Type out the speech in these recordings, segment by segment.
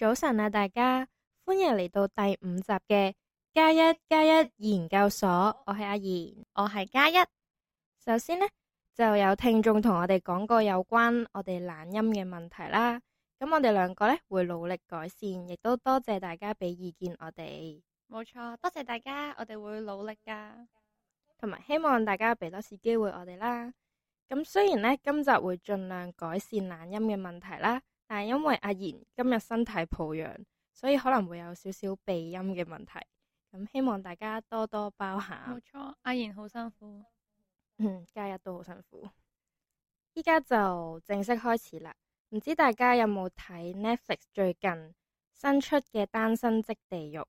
早晨啊，大家歡迎嚟到第五集嘅加一加一妍究所，我係阿妍，我係加一。首先呢，就有聽眾同我哋講過有關我哋懶音嘅問題啦，咁我哋兩個咧會努力改善，亦都多謝大家俾意見我哋。冇錯，多謝大家，我哋會努力噶，同埋希望大家俾多次機會我哋啦。咁雖然咧今集會盡量改善懶音嘅問題啦。但係因為阿妍今日身體抱恙，所以可能會有少少鼻音嘅問題，咁希望大家多多包涵。冇錯，阿妍好辛苦。嗯，加一都好辛苦。依家就正式開始啦，唔知大家有冇睇 Netflix 最近新出嘅《單身即地獄》？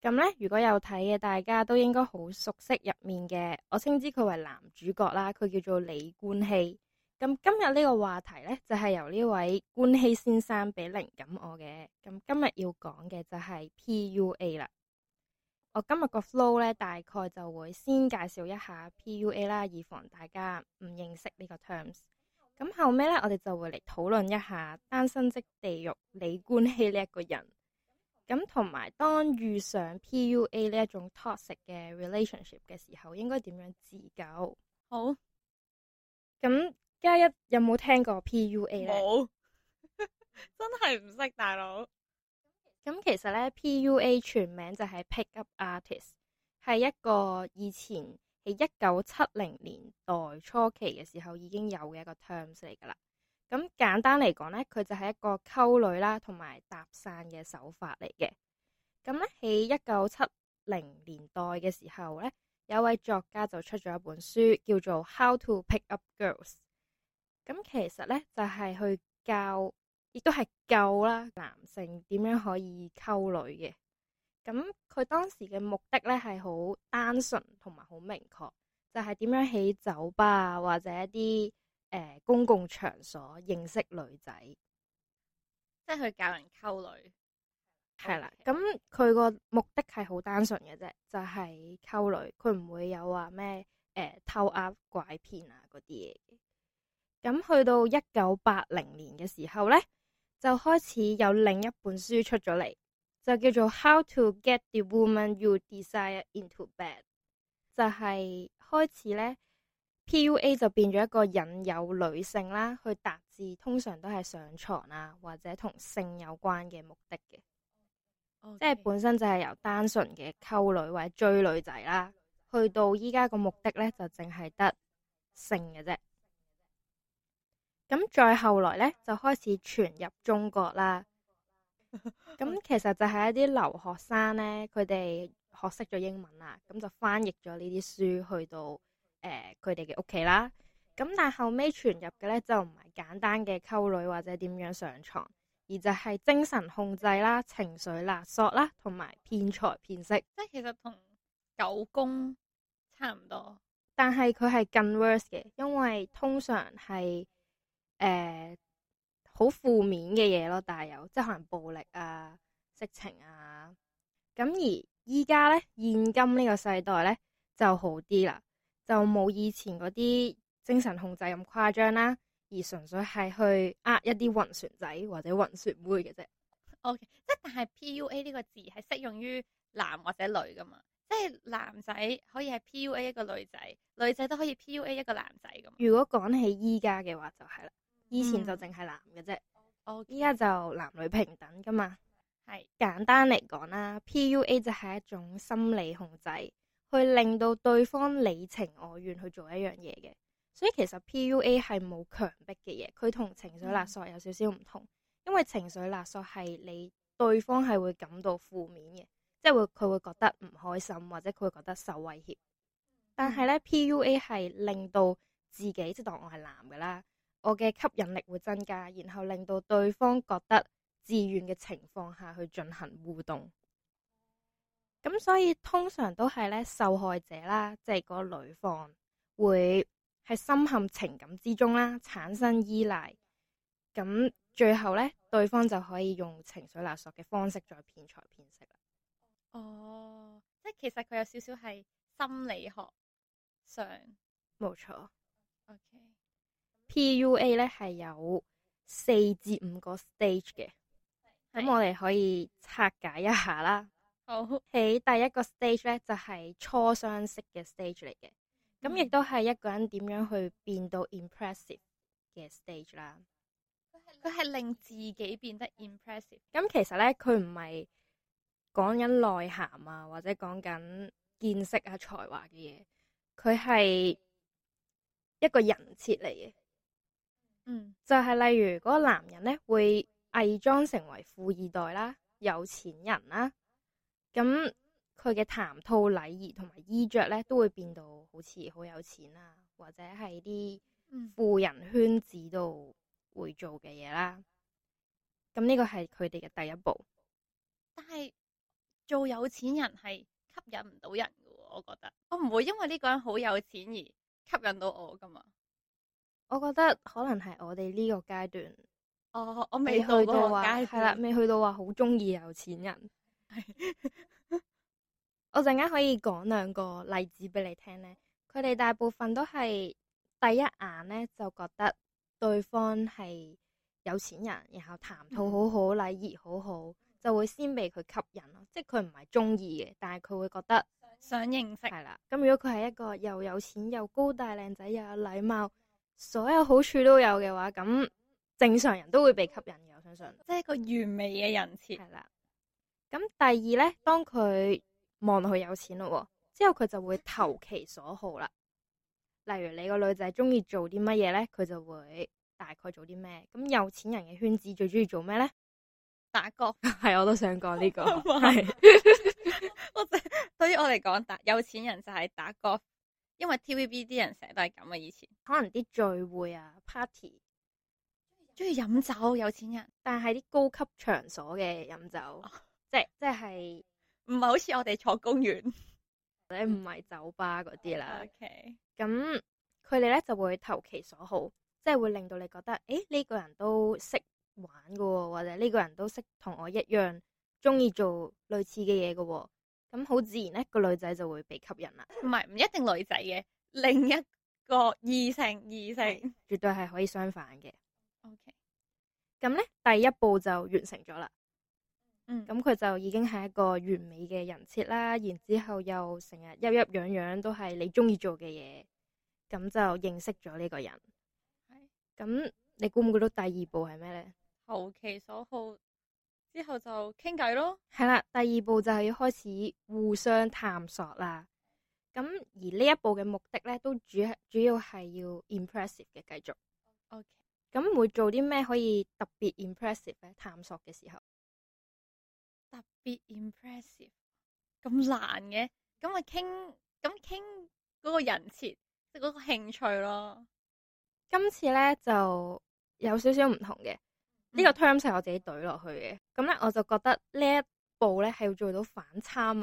咁呢，如果有睇嘅，大家都應該好熟悉入面嘅。我稱之佢為男主角啦，佢叫做李冠希。咁今日呢個話題呢，就係由呢位官希先生俾靈感我嘅。咁今日要講嘅就係 PUA 啦。我今日個 flow 呢，大概就會先介紹一下 PUA 啦，以防大家唔認識呢個 terms。咁後尾呢，我哋就會嚟討論一下單身即地獄李官希呢一個人。咁同埋，當遇上 PUA 呢一種 toxic 嘅 relationship 嘅時候，應該點樣自救？好，咁。加一有冇聽過 PUA 咧？冇沒有， 真係唔識大佬。咁其實咧，PUA 全名就係 Pick Up Artist，係一個以前喺一九七零年代初期嘅時候已經有嘅一個 terms 嚟噶啦。咁簡單嚟講咧，佢就係一個溝女啦，同埋搭訕嘅手法嚟嘅。咁咧，喺一九七零年代嘅時候咧，有一位作家就出咗一本書，叫做《How to Pick Up Girls》。咁其實咧，就係、是、去教，亦都係教啦，男性點樣可以溝女嘅。咁佢當時嘅目的咧，係好單純同埋好明確，就係、是、點樣喺酒吧或者一啲誒、呃、公共場所認識女仔，即係去教人溝女。係、oh, okay. 啦，咁佢個目的係好單純嘅啫，就係、是、溝女，佢唔會有話咩誒偷呃拐騙啊嗰啲嘢。咁去到一九八零年嘅時候呢，就開始有另一本書出咗嚟，就叫做《How to Get the Woman You Desire into Bed》。就係、是、開始呢，PUA 就變咗一個引誘女性啦，去達至通常都係上床啊，或者同性有關嘅目的嘅。Okay. 即係本身就係由單純嘅溝女或者追女仔啦，去到依家個目的呢，就淨係得性嘅啫。咁再後來咧，就開始傳入中國啦。咁其實就係一啲留學生咧，佢哋學識咗英文啦，咁就翻譯咗呢啲書去到誒佢哋嘅屋企啦。咁、呃、但係後尾傳入嘅咧，就唔係簡單嘅溝女或者點樣上床，而就係精神控制啦、情緒勒索啦，同埋騙財騙色。即係其實同狗公差唔多，但係佢係更 worse 嘅，因為通常係。誒，好負面嘅嘢咯，但係有即係可能暴力啊、色情啊，咁而依家咧，現今呢個世代咧就好啲啦，就冇以前嗰啲精神控制咁誇張啦，而純粹係去呃一啲暈船仔或者暈船妹嘅啫。OK，即係但係 PUA 呢個字係適用於男或者女噶嘛，即係男仔可以係 PUA 一個女仔，女仔都可以 PUA 一個男仔咁。如果講起依家嘅話就，就係啦。以前就淨係男嘅啫，我依家就男女平等噶嘛。係是簡單嚟講啦，PUA 就係一種心理控制，去令到對方你情我願去做一樣嘢嘅。所以其實 PUA 係冇強迫嘅嘢，佢同情緒勒索有少少唔同，嗯、因為情緒勒索係你對方係會感到負面嘅，即係會佢會覺得唔開心或者佢會覺得受威脅。嗯、但係咧，PUA 係令到自己，即、就、係、是、當我係男嘅啦。我嘅吸引力會增加，然後令到對方覺得自願嘅情況下去進行互動。咁所以通常都係咧受害者啦，即係個女方會喺深陷情感之中啦，產生依賴。咁最後咧，對方就可以用情緒勒索嘅方式再騙財騙色啦。哦，即係其實佢有少少係心理學上，冇錯。OK。PUA 咧係有四至五個 stage 嘅，咁的我哋可以拆解一下啦。好，喺第一個 stage 咧就係、是、初相識嘅 stage 嚟嘅，咁亦都係一個人點樣去變到 impressive 嘅 stage 啦。佢係的令自己變得 impressive。咁、嗯、其實咧，佢唔係講緊內涵啊，或者講緊見識啊、才華嘅嘢，佢係一個人設嚟嘅。嗯、就係例如嗰、嗰個男人咧，會偽裝成為富二代啦、有錢人啦，咁佢嘅談吐、禮儀同埋衣着咧，都會變到好似好有錢啦，或者係啲富人圈子度會做嘅嘢啦。咁呢、嗯、個係佢哋嘅第一步，但係做有錢人係吸引唔到人嘅，我覺得我唔會因為呢個人好有錢而吸引到我㗎嘛。我覺得可能係我哋呢個階段，我、哦、我未去到話係啦，未去到話好中意有錢人。是 我陣間可以講兩個例子俾你聽咧。佢哋大部分都係第一眼咧，就覺得對方係有錢人，然後談吐好好，禮儀好好，就會先被佢吸引咯。即係佢唔係中意嘅，但係佢會覺得想認識係啦。咁如果佢係一個又有錢又高大靚仔又有禮貌。所有好處都有嘅話，咁正常人都會被吸引嘅，我相信。即係一個完美嘅人設係啦。咁第二咧，當佢望到佢有錢咯，之後佢就會投其所好啦。例如你個女仔中意做啲乜嘢咧，佢就會大概做啲咩。咁有錢人嘅圈子最中意做咩咧？打角歌。係 我都想講呢、這個。係 是， 我對於我嚟講，打有錢人就係打角。因為 TVB 啲人成日都係咁啊，以前可能啲聚會啊 party，中意飲酒有錢人，但係啲高級場所嘅飲酒，oh，即係即係唔係好似我哋坐公園， 或者唔係酒吧嗰啲啦。OK，咁佢哋咧就會投其所好，即係會令到你覺得，誒呢個人都識玩噶喎，或者呢個人都識同我一樣中意做類似嘅嘢噶。咁好自然咧，個女仔就會被吸引啦。唔係，唔一定女仔嘅，另一個異性異性，絕對係可以相反嘅。OK，咁咧第一步就完成咗啦。嗯，咁佢就已經係一個完美嘅人設啦。然之後又成日郁郁樣樣都係你中意做嘅嘢，咁就認識咗呢個人。係，咁你估唔估到第二步係咩咧？投其所好。之後就傾偈咯，係啦。第二步就係要開始互相探索啦。咁而呢一步嘅目的咧，都主主要係要 impressive 嘅繼續。OK，咁會做啲咩可以特別 impressive 咧？探索嘅時候特別 impressive，咁難嘅？咁啊傾，咁傾嗰個人設，即係嗰個興趣咯。今次咧就有少少唔同嘅。呢個 term 係我自己懟落去嘅，咁咧我就覺得呢一步咧係要做到反差文。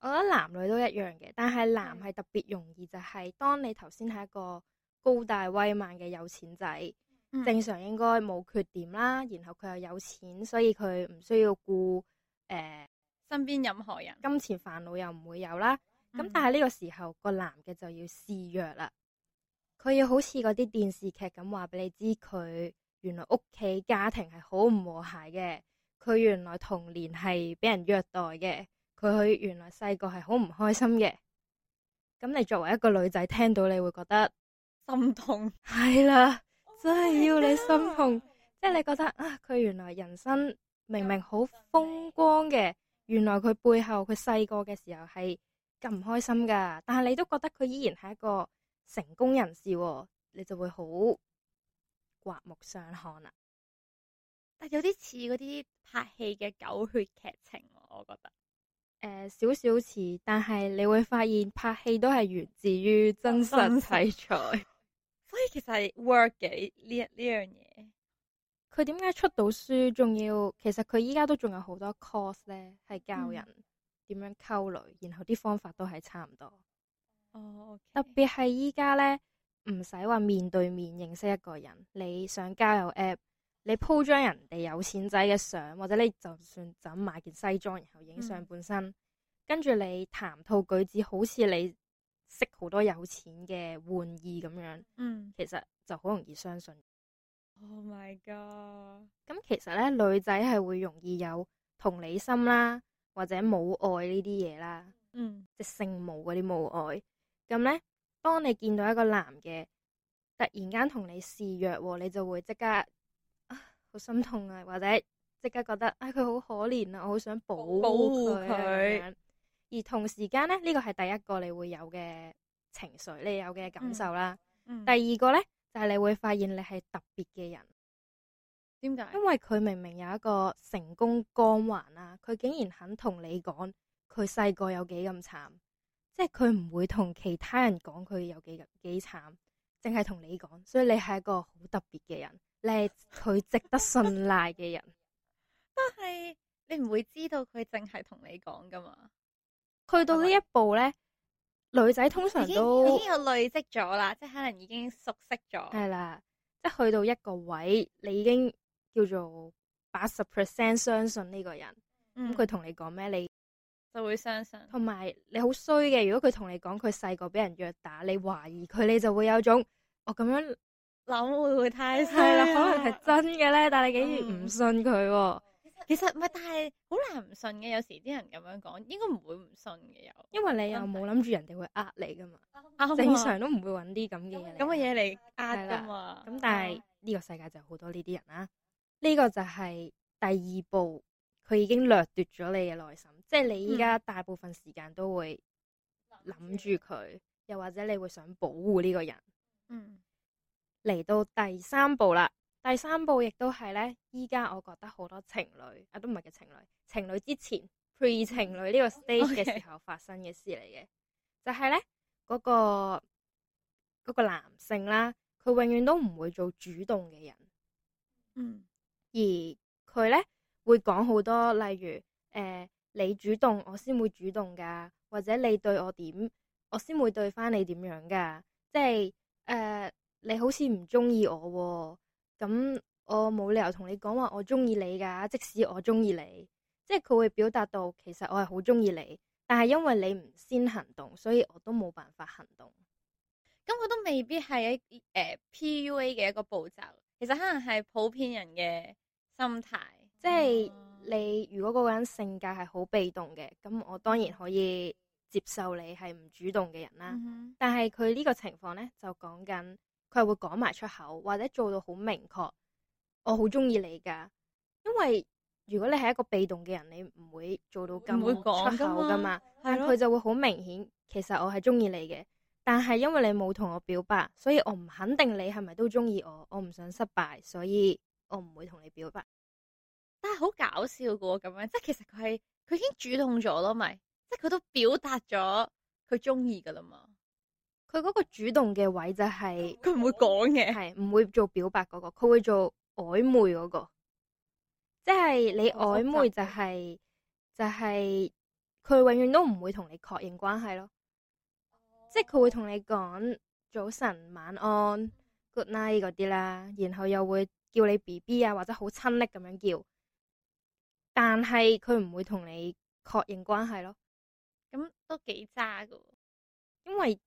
我覺得男女都一樣嘅，但係男係特別容易、嗯、就係，當你頭先係一個高大威猛嘅有錢仔，嗯、正常應該冇缺點啦。然後佢又有錢，所以佢唔需要顧誒、呃、身邊任何人，金錢煩惱又唔會有啦。咁、嗯、但係呢個時候個男嘅就要示弱啦，佢要好似嗰啲電視劇咁話俾你知佢。原來屋企家庭係好唔和諧嘅，佢原來童年係俾人虐待嘅，佢原來細個係好唔開心嘅。咁你作為一個女仔，聽到你會覺得心痛。係啦的，真係要你心痛，即係你覺得啊，佢原來人生明明好風光嘅，原來佢背後佢細個嘅時候係咁唔開心噶，但係你都覺得佢依然係一個成功人士，你就會好。刮目相看啦，啊、但有啲似嗰啲拍戲嘅狗血劇情、啊，我覺得誒、uh, 少少似，但係你會發現拍戲都係源自於真實題材，哦、 所以其實係 work 嘅呢呢樣嘢。佢點解出到書，仲要其實佢依家都仲有好多 course 咧，係教人點、嗯、樣溝女，然後啲方法都係差唔多。哦，okay、特別係依家咧。唔使話面對面認識一個人，你上交友 app，你鋪張人哋有錢仔嘅相，或者你就算就咁買件西裝然後影上半身，嗯、跟住你談吐舉止好似你識好多有錢嘅玩意咁樣，嗯，其實就好容易相信。Oh my god！咁其實呢，女仔係會容易有同理心啦，或者母愛呢啲嘢啦，嗯、即係性冇嗰啲母愛，咁呢。當你見到一個男嘅突然間同你示弱、哦，你就會即刻好、啊、心痛啊，或者即刻覺得啊，佢好可憐啊，我好想保護佢、啊。而同時間呢，呢個係第一個你會有嘅情緒，你有嘅感受啦。嗯嗯、第二個呢，就係、是、你會發現你係特別嘅人。點解？因為佢明明有一個成功光環啦、啊，佢竟然肯同你講佢細個有幾咁慘。即係佢唔會同其他人講佢有幾幾慘，淨係同你講，所以你係一個好特別嘅人，你係佢值得信賴嘅人。但係 你唔會知道佢淨係同你講噶嘛？去到呢一步咧，吧女仔通常都已經，已經有累積咗啦，即係可能已經熟悉咗。係啦，即係去到一個位，你已經叫做八十 percent 相信呢個人咁，佢同、嗯、你講咩你？就會相信，同埋你好衰嘅。如果佢同你講佢細個俾人虐打，你懷疑佢，你就會有種我咁樣諗會唔會太衰啦？可能係真嘅咧， 但係你竟然唔信佢，啊。嗯、其實唔係，實但係是好難唔信嘅。有時啲人咁樣講，應該唔會唔信嘅。又因為你又冇諗住人哋會呃你噶嘛，了正常都唔會搵啲咁嘅嘢咁嘅嘢嚟呃噶嘛。咁但係呢了個世界就好多呢啲人啦，啊。呢，這個就係第二步。佢已經掠奪咗你嘅內心，即係你依家大部分時間都會諗住佢，又或者你會想保護呢個人。嗯，嚟到第三步啦，第三步亦都係咧，依家我覺得好多情侶啊，都唔係嘅情侶，情侶之前 pre 情侶呢個 stage 嘅時候發生嘅事嚟嘅，Okay 就係咧，嗰個男性啦，佢永遠都唔會做主動嘅人。嗯，而佢咧。會講好多，例如誒、呃，你主動，我先會主動噶，或者你對我點，我先會對翻你點樣噶，即係誒、呃，你好似唔中意我、哦，咁、嗯、我冇理由同你講話我中意你噶，即使我中意你，即係佢會表達到其實我係好中意你，但係因為你唔先行動，所以我都冇辦法行動。咁我都未必係一誒、呃、PUA 嘅一個步驟，其實可能係普遍人嘅心態。即係你如果嗰個人性格係好被動嘅，咁我當然可以接受你係唔主動嘅人啦。嗯、哼但係佢呢個情況咧就講緊佢係會講埋出口，或者做到好明確，我好中意你噶。因為如果你係一個被動嘅人，你唔會做到咁出口噶嘛。嘛但佢就會好明顯，的其實我係中意你嘅。但係因為你冇同我表白，所以我唔肯定你係咪都中意我。我唔想失敗，所以我唔會同你表白。真係好搞笑噶，咁樣即係其實佢係佢已經主動咗咯，咪即係佢都表達咗佢中意噶啦嘛。佢嗰個主動嘅位就係佢唔會講嘢，係唔會做表白嗰個，佢會做曖昧嗰個。即係你曖昧就係、是、就係佢永遠都唔會同你確認關係咯。即係佢會同你講早晨、晚安、good night 嗰啲啦，然後又會叫你 bb 啊或者好親昵咁樣叫。但係佢唔會同你確認關係咯，咁都幾渣噶，因為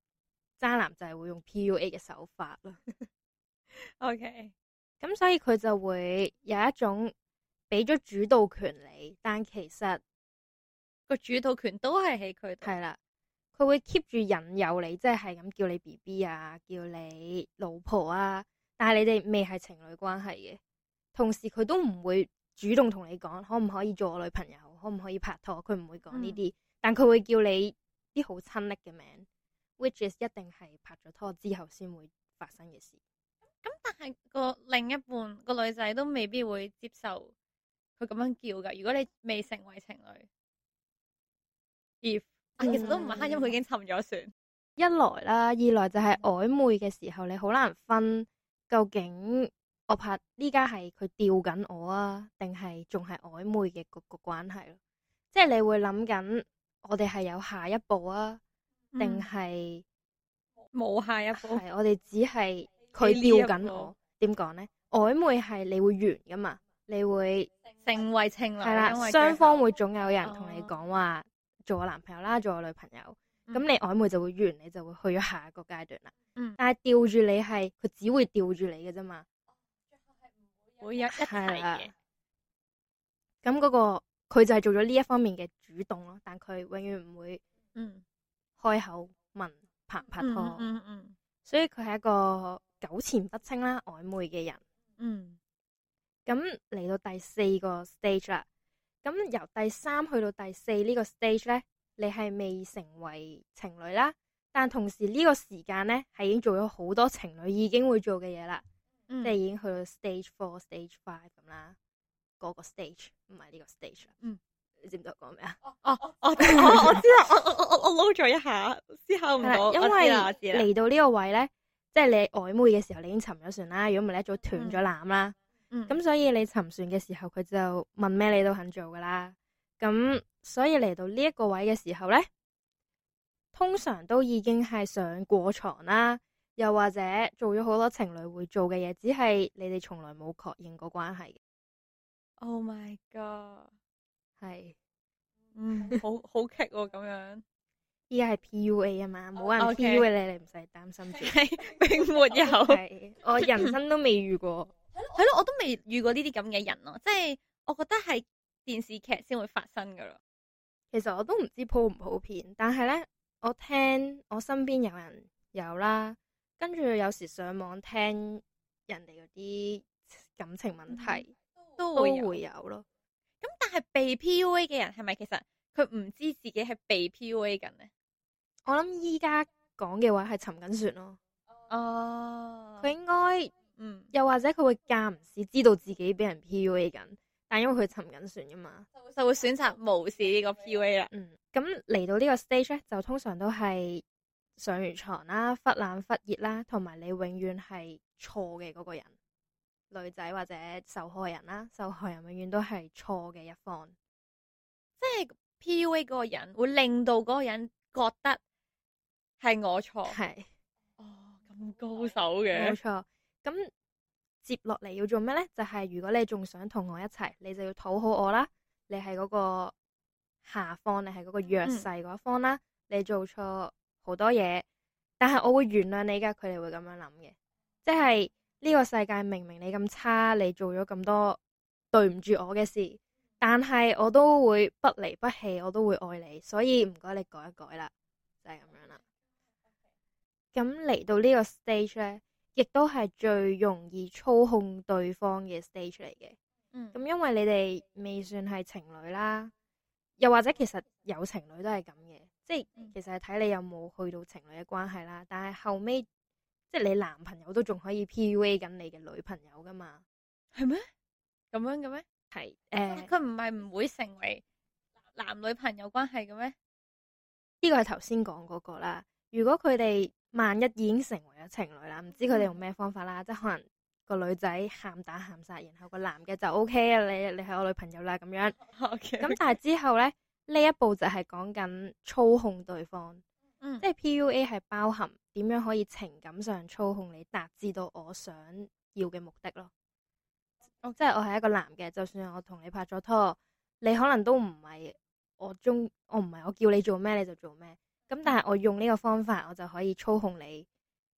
渣男就係會用 PUA 嘅手法咯 。OK，咁所以佢就會有一種俾咗主導權你，但其實個主導權都係喺佢度。係啦，佢會 keep 住引誘你，即係咁叫你 BB 啊，叫你老婆啊，但係你哋未係情侶關係嘅，同時佢都唔會。主動同你講，可唔可以做我女朋友，可唔可以拍拖？佢唔會講呢啲，嗯、但佢會叫你啲好親昵嘅名、嗯、，which is 一定係拍咗拖之後先會發生嘅事。咁但係個另一半個女仔都未必會接受佢咁樣叫㗎。如果你未成為情侶，If、嗯、其實都唔係慳，因為佢已經沉咗船、嗯。一來啦，二來就係曖昧嘅時候，你好難分究竟。我怕呢家係佢吊緊我啊，定係仲係曖昧嘅嗰個，個關係咯、啊，即係你會諗緊我哋係有下一步啊，定係冇下一步？係我哋只係佢吊緊我，點講咧？曖昧係你會完㗎嘛？你會成為情侶係啦，雙方會總有人同你講話、哦、做我男朋友啦，做我女朋友咁，嗯、你曖昧就會完，你就會去咗下一個階段啦。嗯、但係吊住你係佢只會吊住你嘅啫嘛。每日一齊嘅，咁嗰、嗰個佢就係做咗呢一方面嘅主動咯，但佢永遠唔會嗯開口問拍唔、嗯、拍拖，嗯嗯嗯、所以佢係一個糾纏不清啦、曖昧嘅人。嗯，咁嚟到第四個 stage 啦，咁由第三去到第四呢個 stage 咧，你係未成為情侶啦，但同時呢個時間咧係已經做咗好多情侶已經會做嘅嘢啦。即係已經去到 stage four、嗯、stage five 咁啦，嗰個 stage 唔係呢個 stage 啦。嗯，你知唔知我講咩啊？哦哦哦，我知啦，我我我我我撈咗一下，之後唔係，因為嚟到呢個位咧，即係你曖昧嘅時候，你已經沉咗船啦，如果唔係你一早斷咗纜啦。嗯，咁所以你沉船嘅時候，佢就問咩你都肯做噶啦。咁所以嚟到呢一個位嘅時候咧，通常都已經係上過床啦。又或者做咗好多情侶會做嘅嘢，只係你哋從來冇確認過關係。Oh my god，係，嗯，好好劇咁樣。依家係 P U A 啊嘛，冇人 P U A，oh, okay. 你，你唔使擔心自己，並沒有，okay. 我人生都未遇過。係咯， 我都未遇過呢啲咁嘅人咯。即係，我覺得係電視劇先會發生噶啦。其實我都唔知係咪普唔普遍，但係咧，我聽我身邊有人有啦。跟住有時上網聽人哋嗰啲感情問題、嗯、都會、都會有咯，咁但係被 PUA 嘅人係咪其實佢唔知自己係被 PUA 緊呢？我諗依家講嘅話係沉緊船咯，哦，佢應該嗯，又或者佢會間唔時知道自己俾人 PUA 緊，但因為佢沉緊船噶嘛，就會選擇無視呢個 PUA 啦。嗯，咁嚟到呢個 stage 咧，就通常都係。上完床啦、啊，忽冷忽熱啦、啊，同埋你永遠係錯嘅嗰個人，女仔或者受害人啦、啊，受害人永遠都係錯嘅一方，即係 PUA 嗰個人會令到嗰個人覺得係我錯係是哦，咁高手嘅冇錯。咁、嗯、接落嚟要做咩咧？就係、是、如果你仲想同我一齊，你就要討好我啦。你係嗰個下方，你係嗰個弱勢嗰一方啦，嗯、你做錯好多嘢，但係我會原諒你噶佢哋會咁樣諗嘅，即係呢個世界明明你咁差，你做咗咁多對唔住我嘅事，但係我都會不離不棄，我都會愛你，所以唔該你改一改啦，就係咁樣啦。咁嚟到呢個 stage 咧，亦都係最容易操控對方嘅 stage 嚟嘅。嗯，咁因為你哋未算係情侶啦，又或者其實有情侶都係咁嘅。即係其實係睇你有冇去到情侶嘅關係啦，但係後尾，即係你男朋友都仲可以 PUA 緊你嘅女朋友噶嘛？係咩？咁樣嘅咩？係誒是，佢唔係唔會成為男女朋友關係嘅咩？呢個係頭先講嗰個啦。如果佢哋萬一已經成為咗情侶啦，唔知佢哋用咩方法啦，嗯、即係可能個女仔喊打喊殺，然後個男嘅就 OK 啊，你你係我女朋友啦咁樣。O Okay .咁但係之後咧？呢一步就係講緊操控對方，嗯，即係 PUA 係包含點樣可以情感上操控你，達至到我想要嘅目的咯。哦，即係我即係我係一個男嘅，就算我同你拍咗拖，你可能都唔係我中，我唔係我叫你做咩你就做咩。咁但係我用呢個方法，我就可以操控你，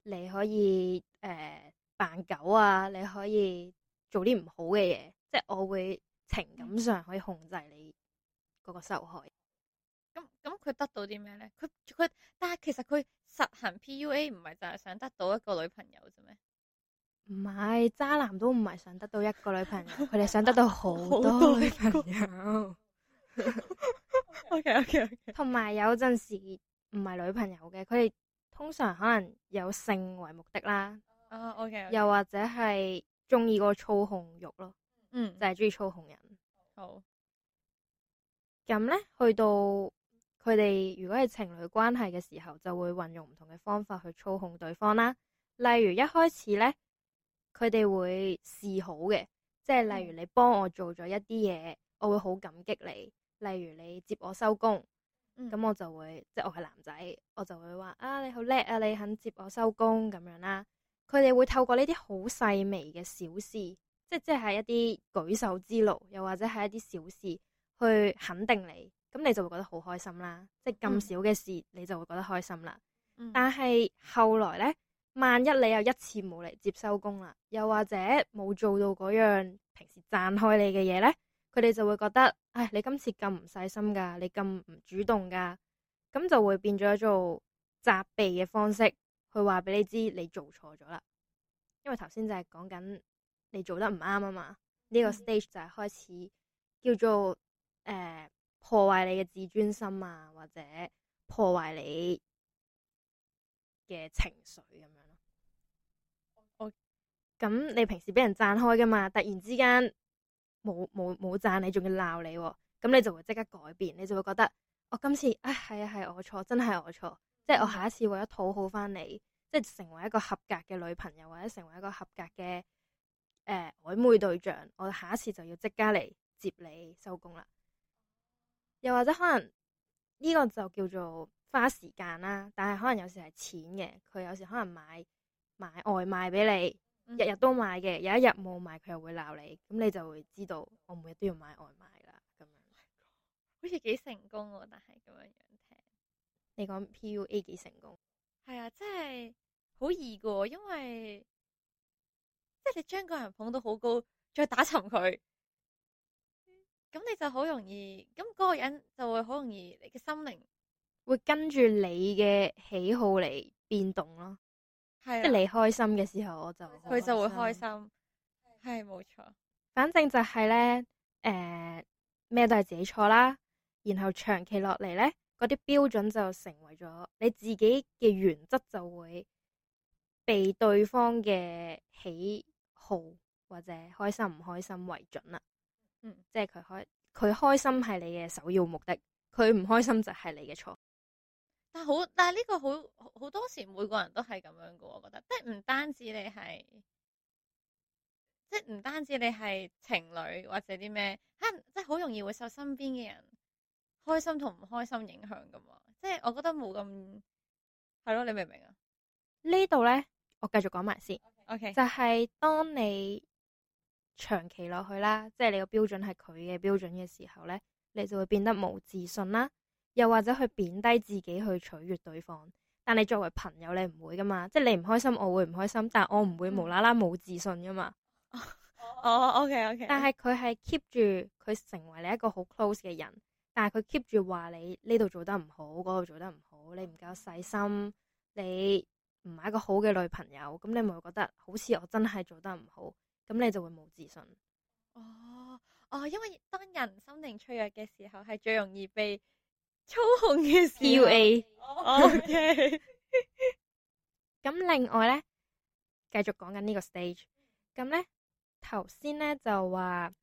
你可以誒扮，呃、狗啊，你可以做啲唔好嘅嘢，即係我會情感上可以控制你。嗯嗰個受害，咁咁佢得到啲咩咧？佢佢，但係其實佢實行 PUA 唔係就係想得到一個女朋友啫咩？唔係，渣男都唔係想得到一個女朋友，佢哋 想得到好多女朋友。 OK OK 同 okay .埋有陣時唔係女朋友嘅，佢哋通常可能有性為目的啦。Oh, OK，okay. 又或者係中意個操控欲咯，嗯，mm. 就係中意操控人。好。Oh. 咁咧，去到佢哋如果係情侶關係嘅時候，就會運用唔同嘅方法去操控對方啦。例如一開始咧，佢哋會示好嘅，即係例如你幫我做咗一啲嘢，我會好感激你。例如你接我收工，咁、嗯、我就會，即係我係男仔，我就會話啊你好叻啊，你肯接我收工咁樣啦。佢哋會透過呢啲好細微嘅小事，即係即係一啲舉手之勞，又或者係一啲小事。去肯定你，咁你就會覺得好開心啦。即係咁少嘅事，嗯、你就會覺得開心啦。嗯、但係後來呢，萬一你又一次冇嚟接收工啦，又或者冇做到嗰樣平時讚開你嘅嘢呢，佢哋就會覺得，唉、哎，你今次咁唔細心噶，你咁唔主動噶，咁就會變咗做責備嘅方式去話俾你知你做錯咗啦。因為頭先就係講緊你做得唔啱啊嘛，呢、嗯、個 stage 就係開始叫做。誒、呃，破壞你嘅自尊心啊，或者破壞你嘅情緒咁、啊、樣咯。我咁你平時俾人讚開噶嘛，突然之間冇冇冇讚你，仲要鬧你、啊，咁你就會即刻改變，你就會覺得我今次啊係啊係、啊、我錯，真係我錯，即係我下一次為咗討好翻你，嗯、即係成為一個合格嘅女朋友或者成為一個合格嘅誒曖昧對象，我下一次就要即刻嚟接你收工啦。又或者可能呢個就叫做花時間啦，但係可能有時係錢嘅，佢有時可能買買外賣畀你，日日都買嘅，有一日冇買佢又會鬧你，咁你就會知道我每日都要買外賣啦。咁樣好似幾成，啊、成功，但係咁樣樣聽，你講 PUA 幾成功？係啊，真係好易個，因為即係你將個人捧到好高，再打沉佢。咁你就好容易，咁嗰個人就會好容易，你嘅心靈會跟住你嘅喜好嚟變動咯。係。即係你開心嘅時候，我就佢就會開心。係冇錯，反正就係咧，誒、呃、咩都係自己錯啦。然後長期落嚟咧，嗰啲標準就成為咗你自己嘅原則，就會被對方嘅喜好或者開心唔開心為準啦。嗯，即係佢開，佢開心係你嘅首要目的，佢唔開心就係你嘅錯。但係好，但係呢個好好多時，每個人都係咁樣噶，我覺得，即係唔單止你係，即係唔單止你係情侶或者啲咩，即係好容易會受身邊嘅人開心同唔開心影響噶嘛。即係我覺得冇咁係咯，你明唔明啊？呢度咧，我繼續講埋先。OK，就係當你。長期落去啦，即係你個標準係佢嘅標準嘅時候呢，你就會變得冇自信啦，又或者去貶低自己去取悅對方。但你作為朋友，你唔會噶嘛，即係你唔開心，我會唔開心，但我唔會無啦啦冇自信噶嘛。哦、嗯 oh，OK OK，但係佢係 keep 住佢成為你一個好 close 嘅人，但係佢 keep 住話你呢度做得唔好，嗰度做得唔好，你唔夠細心，你唔係一個好嘅女朋友，咁你咪會覺得好似我真係做得唔好。咁你就會冇自信。哦哦，因為當人心靈脆弱嘅時候，係最容易被操控嘅時候。PUA，OK。咁另外咧，繼續講緊呢個 stage 呢。咁咧，頭先咧就話，誒、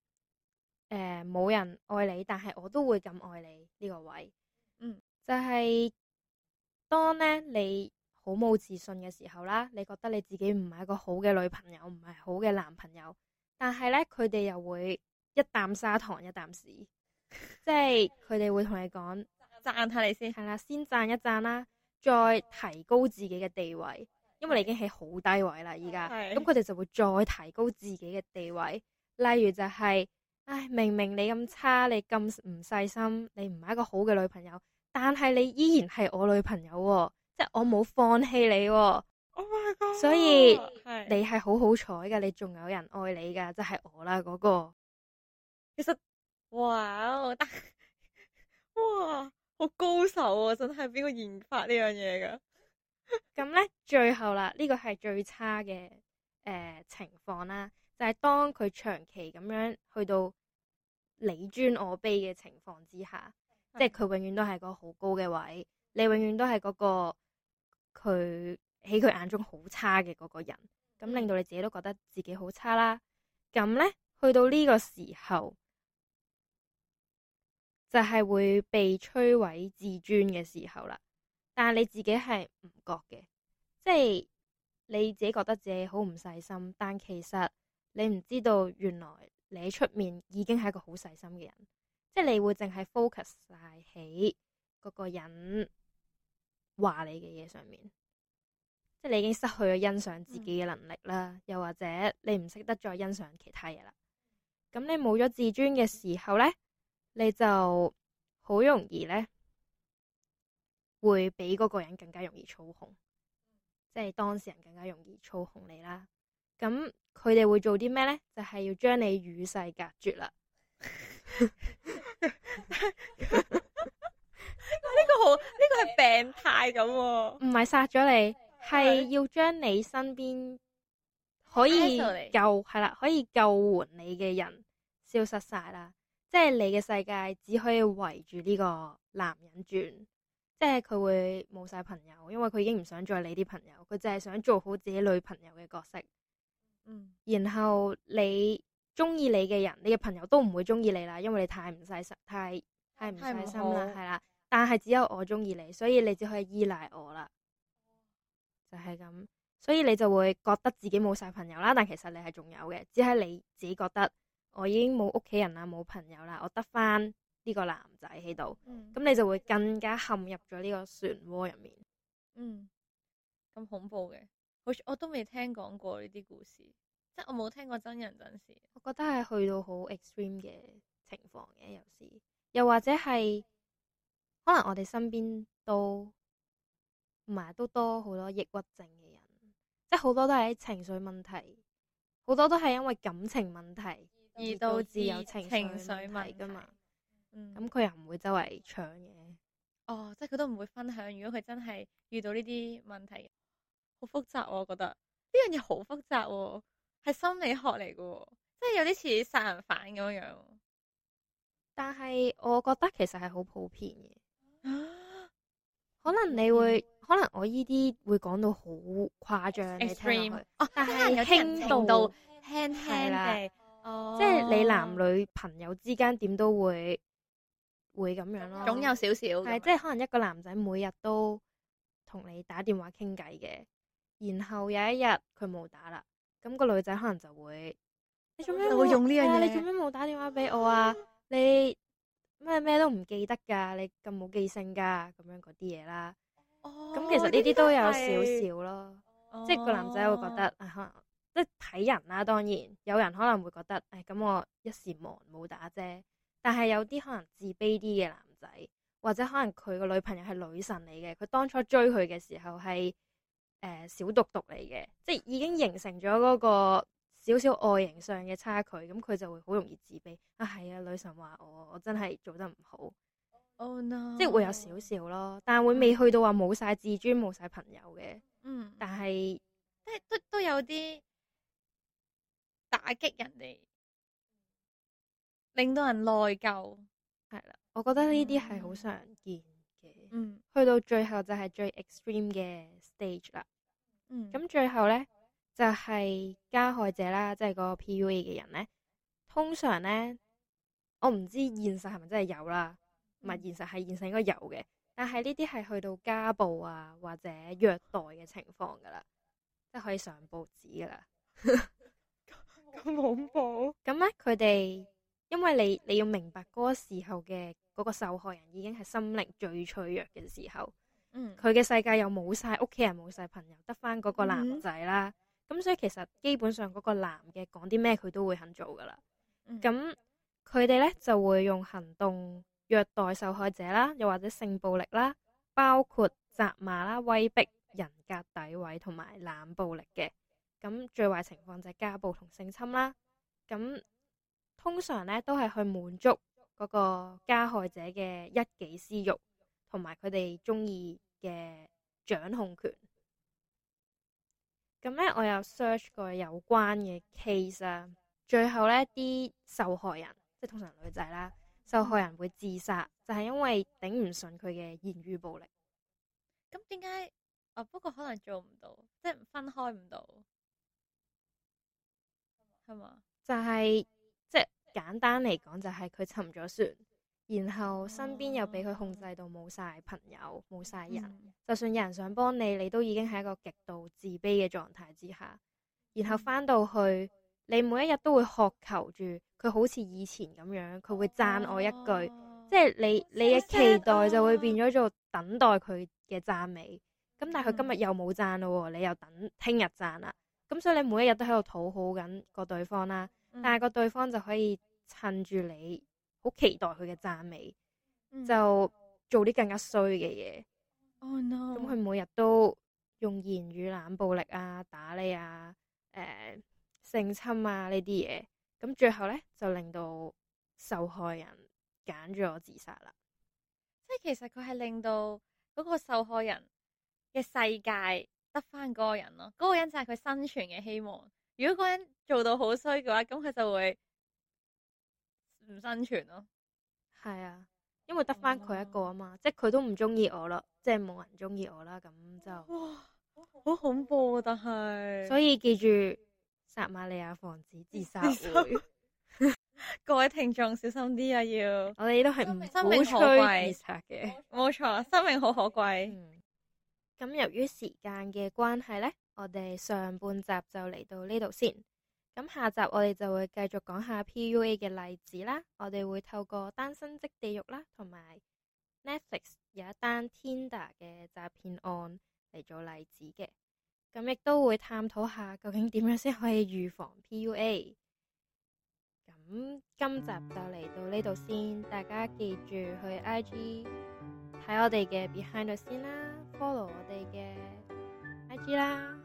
呃、冇人愛你，但係我都會咁愛你呢、呢個位。嗯、mm.，就係當咧你好冇自信嘅時候啦，你覺得你自己唔係一個好嘅女朋友，唔係好嘅男朋友，但係呢，佢哋又會一啖砂糖一啖屎， 即係佢哋會同你講讚下你先，係啦，先讚一讚啦，再提高自己嘅地位，因為你已經係好低位啦，依家的，咁佢哋就會再提高自己嘅地位，例如就係、是，唉、哎，明明你咁差，你咁唔細心，你唔係一個好嘅女朋友，但係你依然係我女朋友、啊。即係我冇放棄你、啊，oh、my God，所以你係好好彩噶，是你仲有人愛你噶，就係、是、我啦嗰、那個。其實哇，我覺得，哇，哇好高手啊！真係邊個研發 樣呢樣嘢噶？咁咧最後啦，呢個係最差嘅誒、呃、情況啦，就係、是、當佢長期咁樣去到你尊我卑嘅情況之下，是即係佢永遠都係個好高嘅位，你永遠都係嗰、那個。佢喺佢眼中好差嘅嗰個人，咁令到你自己都覺得自己好差啦。咁咧，去到呢個時候就係會被摧毀自尊嘅時候啦。但係你自己係唔覺嘅，即係你自己覺得自己好唔細心，但其實你唔知道原來你出面已經係一個好細心嘅人，即係你會淨係 focus 晒喺嗰個人。話你嘅嘢，上面即係你已經失去咗欣賞自己嘅能力啦，嗯、又或者你唔識得再欣賞其他嘢啦。咁你冇咗自尊嘅時候呢，你就好容易呢會俾嗰個人更加容易操控，即係當事人更加容易操控你啦。咁佢哋會做啲咩呢？就係、是、要將你與世隔絕啦。 呢、呢個係病態咁，唔係殺咗你，係要將你身邊可以救係啦 ol，可以救援你嘅人消失晒啦。即係你嘅世界只可以圍住呢個男人轉，即係佢會冇晒朋友，因為佢已經唔想再理你啲朋友，佢淨係想做好自己女朋友嘅角色。嗯、然後你中意你嘅人，你嘅朋友都唔會中意你啦，因為你太唔細，細心，太太唔細心啦，係啦。但係只有我中意你，所以你只可以依賴我啦，嗯、就係咁。所以你就會覺得自己冇晒朋友啦，但其實你係仲有嘅，只係你自己覺得我已經冇屋企人啦，冇朋友啦，我得翻呢個男仔喺度。咁、嗯、你就會更加陷入咗呢個漩渦入面。嗯，咁恐怖嘅，好我都未聽講過呢啲故事，即係我冇聽過真人真事。我覺得係去到好 extreme 嘅情況嘅，有時又或者係。可能我哋身邊都唔係都多好多抑鬱症嘅人，即係好多都係情緒問題，好多都係因為感情問題而導致有情緒問題噶嘛。咁佢、嗯、又唔會周圍搶嘢，哦，即係佢都唔會分享。如果佢真係遇到呢啲問題，好複雜，啊，我覺得呢樣嘢好複雜，啊，係心理學嚟嘅，啊，即係有啲似殺人犯咁樣樣。但係我覺得其實係好普遍嘅。啊，可能你會，可能我依啲會講到好誇張，你聽落去，但係輕到輕輕地，即係你男女朋友之間點都會會咁樣咯，總有少少，係即係可能一個男仔每日都同你打電話傾偈嘅，然後有一日佢冇打啦，咁個女仔可能就會，你做咩？你做咩冇打電話俾我啊？你？咩咩都唔記得㗎，你咁冇記性㗎，咁樣嗰啲嘢啦。咁、oh, 其實呢啲都有少少咯，即係、oh, 個男仔會覺得，可能即係睇人啦、啊。當然有人可能會覺得，誒、哎、咁我一時忙冇打啫。但係有啲可能自卑啲嘅男仔，或者可能佢個女朋友係女神嚟嘅，佢當初追佢嘅時候係誒、呃、小毒毒嚟嘅，即、就、係、是、已經形成咗嗰、那個。少少外形上嘅差距，咁佢就會好容易自卑。啊，係啊，女神話我，我真係做得唔好。Oh no. 即係會有少少咯，但係會未去到話冇晒自尊、冇晒朋友嘅。Mm. 但係都有啲打擊人哋，令到人內疚。係啦，我覺得呢啲係好常見嘅。Mm. 去到最後就係最 extreme 嘅 stage 啦。嗯，咁最後呢？就係加害者啦，即係嗰個 P.U.A 嘅人咧。通常咧，我唔知現實係咪真係有啦，唔係，現實係現實應該有嘅。但係呢啲係去到家暴啊，或者虐待嘅情況噶啦，即係可以上報紙噶啦。咁 恐怖咁咧，佢哋 因為你，你要明白嗰個時候嘅嗰個受害人已經係心靈最脆弱嘅時候，佢嘅、嗯、世界又冇晒屋企人，冇晒朋友，得翻嗰個男仔啦。嗯咁所以其實基本上嗰個男嘅講啲咩佢都會肯做㗎喇，咁佢哋呢就會用行動虐待受害者啦，又或者性暴力啦，包括責罵啦、威逼、人格詆毀同埋冷暴力嘅，咁最壞情況就係家暴同性侵啦，咁通常呢都係去滿足嗰個加害者嘅一己私欲同埋佢哋中意嘅掌控權。咁咧、嗯，我又 search 過有關嘅 case 啊，最後咧，啲受害人，即係通常女仔啦，受害人會自殺，就係、是、因為頂唔順佢嘅言語暴力。咁點解？啊，不過可能做唔到，即係分開唔到，係嘛？就係、是、即係簡單嚟講，就係佢沉咗船。然後身邊又俾佢控制到冇晒朋友冇晒人，mm hmm. 就算有人想幫你，你都已經喺一個極度自卑嘅狀態之下。然後翻到去，mm hmm. 你每一日都會渴求住佢好似以前咁樣，佢會讚我一句，oh oh. 即係你你嘅期待就會變咗做等待佢嘅讚美。咁但係佢今日又冇讚咯，mm hmm. 你又等聽日讚啦。咁所以你每一日都喺度討好緊個對方啦，mm hmm. 但係個對方就可以趁住你。好期待佢嘅讚美，嗯、就做啲更加衰嘅嘢。哦、oh, no！咁佢每日都用言語、冷暴力啊、打你啊、誒、呃、性侵啊呢啲嘢。咁最後咧就令到受害人揀咗自殺啦。即係其實佢係令到嗰個受害人嘅世界得翻嗰個人咯。嗰、嗰個人就係佢生存嘅希望。如果嗰個人做到好衰嘅話，咁佢就會。唔生存咯，啊，係啊，因為得翻佢一個啊嘛，嗯、啊即係佢都唔中意我啦，即係冇人中意我啦，咁就哇好恐怖啊！但係所以記住撒瑪利亞防止自殺會自殺 各位聽眾小心啲啊！要我哋都係唔，生命好可貴，自殺嘅冇錯，生命好可貴。咁由於時間嘅關係咧，我哋上半集就嚟到呢度先。咁下集我哋就會繼續講下 PUA 嘅例子啦，我哋會透過單身即地獄啦，同埋 Netflix 有一單 Tinder 嘅詐騙案嚟做例子嘅，咁亦都會探討下究竟點樣先可以預防 PUA。咁今集就嚟到呢度先，大家記住去 IG 睇我哋嘅 Behind the scene 先啦，follow 我哋嘅 IG 啦。